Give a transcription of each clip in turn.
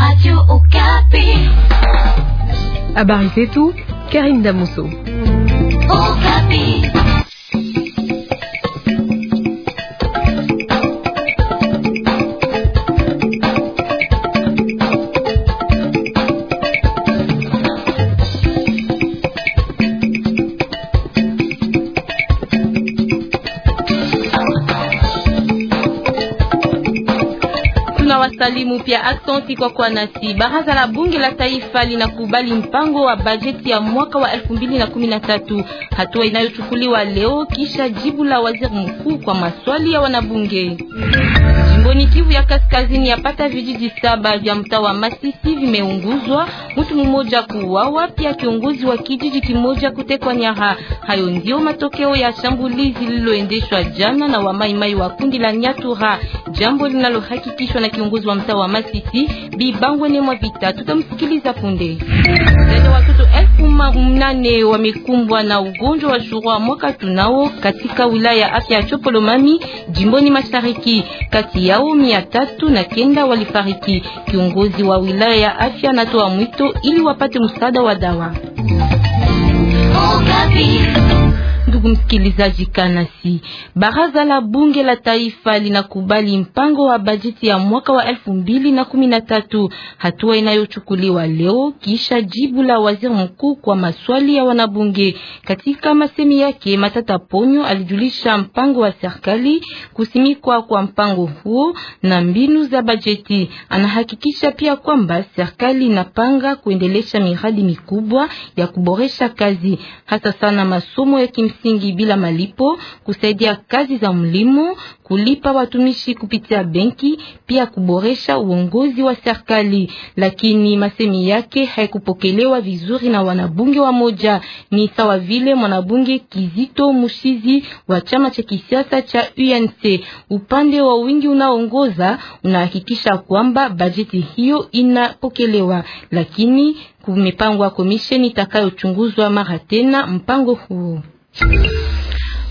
Radio Okapi. Habari zetu Karim Damoso. Okapi. tunawasalimu pia, aksanti kwa kwa nasi. Baraza la bunge la taifa linakubali mpango wa bajeti ya mwaka wa 2013 hatua inayochukuliwa leo kisha jibu la waziri mkuu kwa maswali ya wanabunge. Jimboni Kivu ya kaskazini, yapata vijiji saba vya mtaa wa Masisi vimeunguzwa, mtu mmoja kuuawa, pia kiongozi wa kijiji kimoja kutekwa nyara. Hayo ndio matokeo ya shambulizi lililoendeshwa jana na wamaimai wa kundi la Nyatura jambo linalohakikishwa na kiongozi wa mtaa wa Masisi Bibangwene mwa Vita. Tutamsikiliza punde. Zaidi watoto elfu mnane wamekumbwa na ugonjwa wa shurua mwaka tunao katika wilaya ya afya ya Chopolomami jimboni Mashariki, kati yao mia tatu na kenda walifariki. Kiongozi wa wilaya ya afya anatoa mwito ili wapate msaada wa dawa ndugu msikilizaji, kanasi baraza la bunge la taifa linakubali mpango wa bajeti ya mwaka wa elfu mbili na kumi na tatu, hatua inayochukuliwa leo kisha jibu la waziri mkuu kwa maswali ya wanabunge. Katika masemi yake, Matata Ponyo alijulisha mpango wa serikali kusimikwa kwa mpango huo na mbinu za bajeti. Anahakikisha pia kwamba serikali inapanga kuendelesha miradi mikubwa ya kuboresha kazi hasa sana masomo ya kimsingi msingi bila malipo, kusaidia kazi za mlimo, kulipa watumishi kupitia benki, pia kuboresha uongozi wa serikali. Lakini masemi yake haikupokelewa vizuri na wanabunge wa moja, ni sawa vile mwanabunge Kizito Mushizi wa chama cha kisiasa cha UNC. Upande wa wingi unaongoza unahakikisha kwamba bajeti hiyo inapokelewa, lakini kumepangwa komisheni itakayochunguzwa mara tena mpango huo.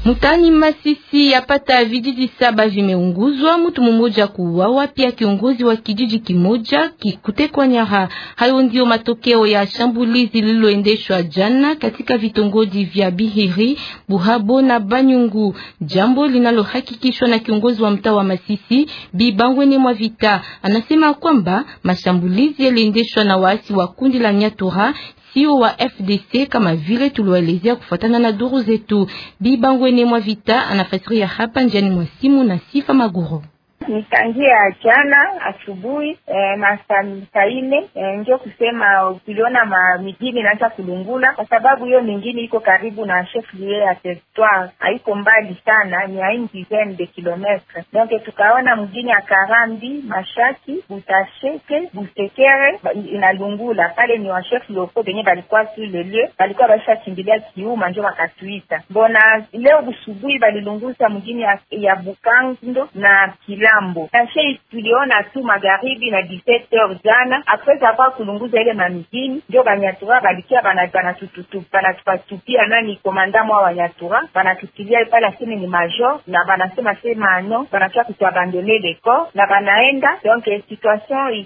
Mutani Masisi yapata vijiji saba vimeunguzwa, mtu mmoja kuuawa, pia kiongozi wa kijiji kimoja kikutekwa nyara. Hayo ndio matokeo ya shambulizi lililoendeshwa jana katika vitongoji vya Bihiri, Buhabo na Banyungu, jambo linalohakikishwa na kiongozi wa mtaa wa Masisi Bibangwene mwa vita. Anasema kwamba mashambulizi yaliendeshwa na waasi wa kundi la Nyatura wasio wa FDC kama vile tuliwaelezea kufuatana na duru zetu. Bibangwene Mwavita anafasiria hapa njiani mwa simu na Sifa Maguru nitangia jana asubuhi e, masaa ine e, eh, ndio kusema tuliona mijini inaanza kulungula, kwa sababu hiyo mingini iko karibu na chef lie ya territoire, haiko mbali sana, ni ain de kilometre. Donc tukaona mjini ya Karambi, Mashaki, Butasheke, Busekere inalungula pale, ni washef loko venye balikuwa sur le lieu, balikuwa baisha kimbilia Kiuma, ndio wakatuita. Mbona leo busubuhi balilunguza mjini ya, ya Bukando na Kila ngambo nashe tuliona tu magharibi na 17h jana akuweza kwa kulunguza ile mamijini, ndio banyatura balikia banatupatupia nani komanda mwa wanyatura banatutilia pale, aseme ni major na banasema sema no, banakia kutuabandone leko na banaenda donc situation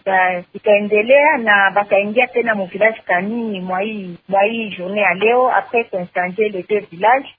ikaendelea na bakaingia tena mu kanini mwa hii journée ya leo apres kuinstanje le deux village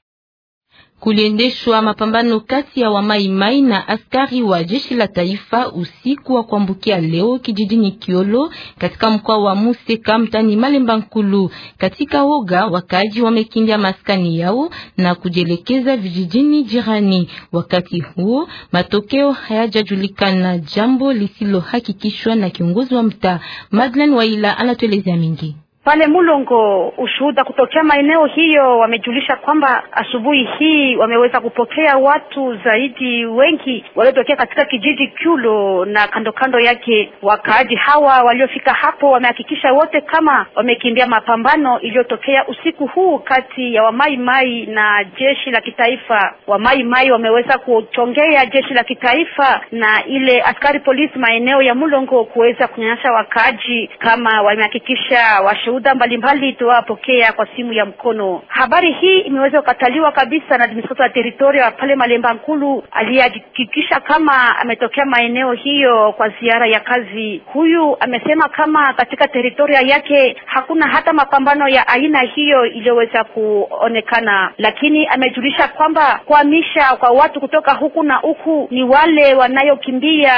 kuliendeshwa mapambano kati ya wamaimai na askari wa jeshi la taifa usiku wa kuambukia leo kijijini Kiolo katika mkoa wa Museka mtani Malemba Nkulu. Katika woga, wakaaji wamekimbia maskani yao na kujielekeza vijijini jirani. Wakati huo, matokeo hayajajulikana, jambo lisilohakikishwa na kiongozi wa mtaa. Madlen Waila anatuelezea mingi pale Mulongo. Ushuhuda kutokea maeneo hiyo wamejulisha kwamba asubuhi hii wameweza kupokea watu zaidi wengi waliotokea katika kijiji Kyulo na kando kando yake. Wakaaji hawa waliofika hapo wamehakikisha wote kama wamekimbia mapambano iliyotokea usiku huu kati ya wamaimai na jeshi la kitaifa. Wamaimai wameweza kuchongea jeshi la kitaifa na ile askari polisi maeneo ya Mulongo kuweza kunyanyasa wakaaji, kama wamehakikisha wash mashuhuda mbalimbali tuwapokea kwa simu ya mkono. Habari hii imeweza kukataliwa kabisa na administrator ya teritoria pale Malemba Nkulu aliyehakikisha kama ametokea maeneo hiyo kwa ziara ya kazi. Huyu amesema kama katika teritoria yake hakuna hata mapambano ya aina hiyo iliyoweza kuonekana, lakini amejulisha kwamba kuhamisha kwa watu kutoka huku na huku ni wale wanayokimbia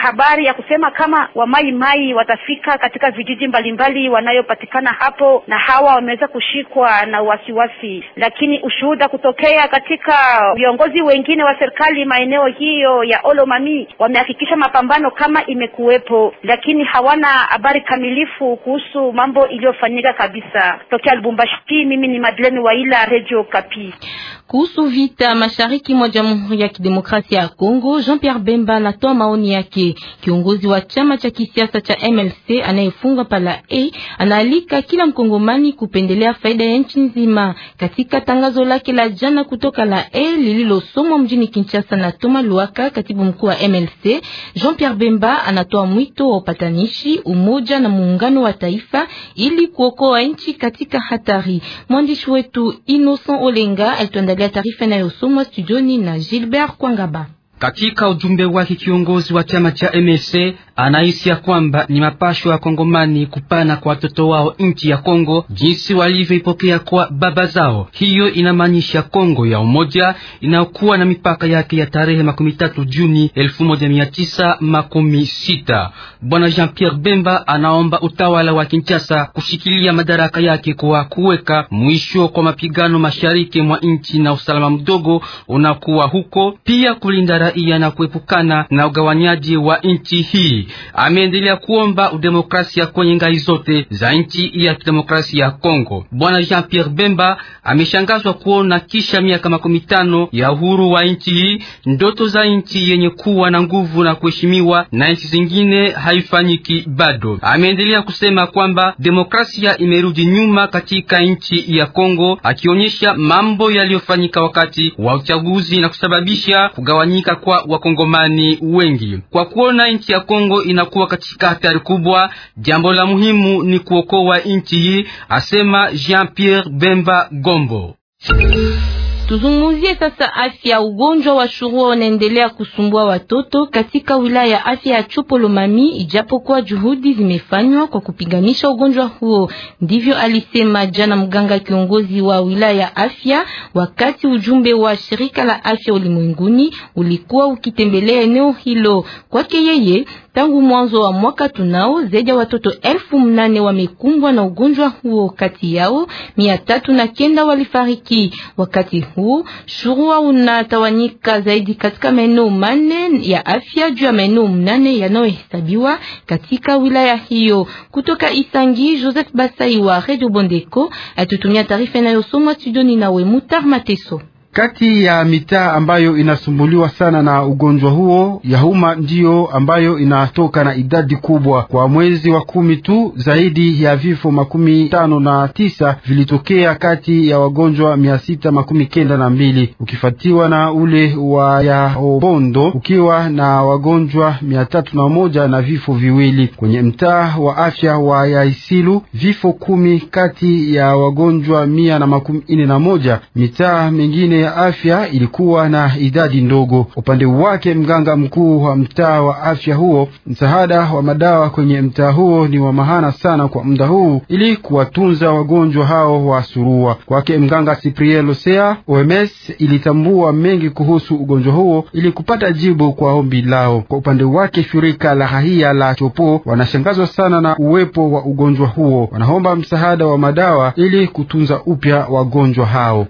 habari ya kusema kama wamaimai watafika katika vijiji mbalimbali wanayopatikana kuonekana hapo, na hawa wameweza kushikwa na wasiwasi, lakini ushuhuda kutokea katika viongozi wengine wa serikali maeneo hiyo ya Olomami wamehakikisha mapambano kama imekuwepo, lakini hawana habari kamilifu kuhusu mambo iliyofanyika kabisa tokea Lubumbashi. Mimi ni Madeleine Waila, Radio Kapi. Kuhusu vita mashariki mwa Jamhuri ya Kidemokrasia ya Kongo, Jean-Pierre Bemba anatoa maoni yake. Kiongozi wa chama cha kisiasa cha MLC anayefunga pala A anali kumwalika kila mkongomani kupendelea faida ya nchi nzima. Katika tangazo lake la jana kutoka la E lililosomwa mjini Kinshasa na Toma Luaka, katibu mkuu wa MLC, Jean-Pierre Bemba anatoa mwito wa upatanishi, umoja na muungano wa taifa ili kuokoa nchi katika hatari. Mwandishi wetu Innocent Olenga alituandalia taarifa inayosomwa studioni na Gilbert Kwangaba. Katika ujumbe wake kiongozi wa chama cha MLC anahisi ya kwamba ni mapasho ya Kongomani kupana kwa watoto wao nchi ya Kongo jinsi walivyoipokea kwa baba zao. Hiyo inamaanisha Kongo ya umoja inayokuwa na mipaka yake ya tarehe makumi tatu Juni elfu moja mia tisa makumi sita. Bwana Jean Pierre Bemba anaomba utawala wa Kinshasa kushikilia madaraka yake kwa kuweka mwisho kwa mapigano mashariki mwa nchi na usalama mdogo unakuwa huko, pia kulinda raia na kuepukana na ugawanyaji wa nchi hii. Ameendelea kuomba udemokrasia kwenye ngai zote za nchi ya kidemokrasia ya Kongo. Bwana Jean Pierre Bemba ameshangazwa kuona kisha miaka makumi tano ya uhuru wa nchi hii ndoto za nchi yenye kuwa na nguvu na kuheshimiwa na nchi zingine haifanyiki bado. Ameendelea kusema kwamba demokrasia imerudi nyuma katika nchi ya Kongo, akionyesha mambo yaliyofanyika wakati wa uchaguzi na kusababisha kugawanyika kwa wakongomani wengi, kwa kuona nchi ya Kongo inakuwa katika hatari kubwa. Jambo la muhimu ni kuokoa nchi hii, asema Jean Pierre Bemba Gombo. Tuzungumzie sasa afya. Ugonjwa wa shurua unaendelea kusumbua watoto katika wilaya ya afya ya Lomami, ijapokuwa juhudi zimefanywa kwa kupiganisha ugonjwa huo. Ndivyo alisema jana mganga kiongozi wa wilaya ya afya, wakati ujumbe wa shirika la afya ulimwenguni ulikuwa ukitembelea eneo hilo. Kwake yeye, tangu mwanzo wa mwaka tunao zaidi ya watoto elfu mnane wamekumbwa na ugonjwa huo, kati yao mia tatu na kenda walifariki wakati huo huu, shurua unatawanyika zaidi katika maeneo manne ya afya juu ya maeneo mnane yanayohesabiwa katika wilaya hiyo. Kutoka Isangi, Joseph Basai wa Radio Bondeko atutumia taarifa inayosomwa studioni nawe Mutar Mateso. Kati ya mitaa ambayo inasumbuliwa sana na ugonjwa huo, huma ndiyo ambayo inatoka na idadi kubwa. Kwa mwezi wa kumi tu, zaidi ya vifo makumi tano na tisa vilitokea kati ya wagonjwa mia sita makumi kenda na mbili ukifuatiwa na ule wa Obondo ukiwa na wagonjwa mia tatu na moja na vifo viwili. Kwenye mtaa wa afya wa Yaisilu vifo kumi kati ya wagonjwa mia na makumi ine na moja. Mitaa mengine ya afya ilikuwa na idadi ndogo. Upande wake, mganga mkuu wa mtaa wa afya huo, msaada wa madawa kwenye mtaa huo ni wa mahana sana kwa muda huu ili kuwatunza wagonjwa hao wa surua. Kwake mganga Cyprien Losea, OMS ilitambua mengi kuhusu ugonjwa huo ili kupata jibu kwa ombi lao. Kwa upande wake, shirika la hahia la Chopo wanashangazwa sana na uwepo wa ugonjwa huo, wanaomba msaada wa madawa ili kutunza upya wagonjwa hao.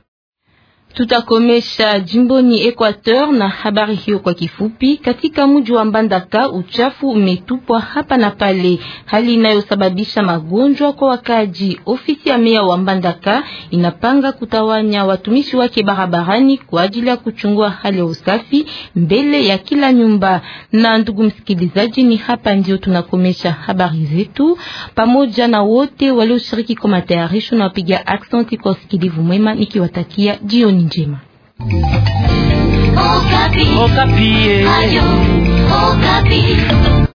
Tutakomesha jimboni Equateur na habari hiyo kwa kifupi. Katika mji wa Mbandaka uchafu umetupwa hapa na pale, hali inayosababisha magonjwa kwa wakaji. Ofisi ya meya wa Mbandaka inapanga kutawanya watumishi wake barabarani kwa ajili ya kuchungua hali ya usafi mbele ya kila nyumba. Na ndugu msikilizaji, ni hapa ndio tunakomesha habari zetu, pamoja na wote walioshiriki kwa matayarisho na wapiga aksenti kwa usikilivu mwema, nikiwatakia jioni jioni njema. Okapi. Okapi. Eh.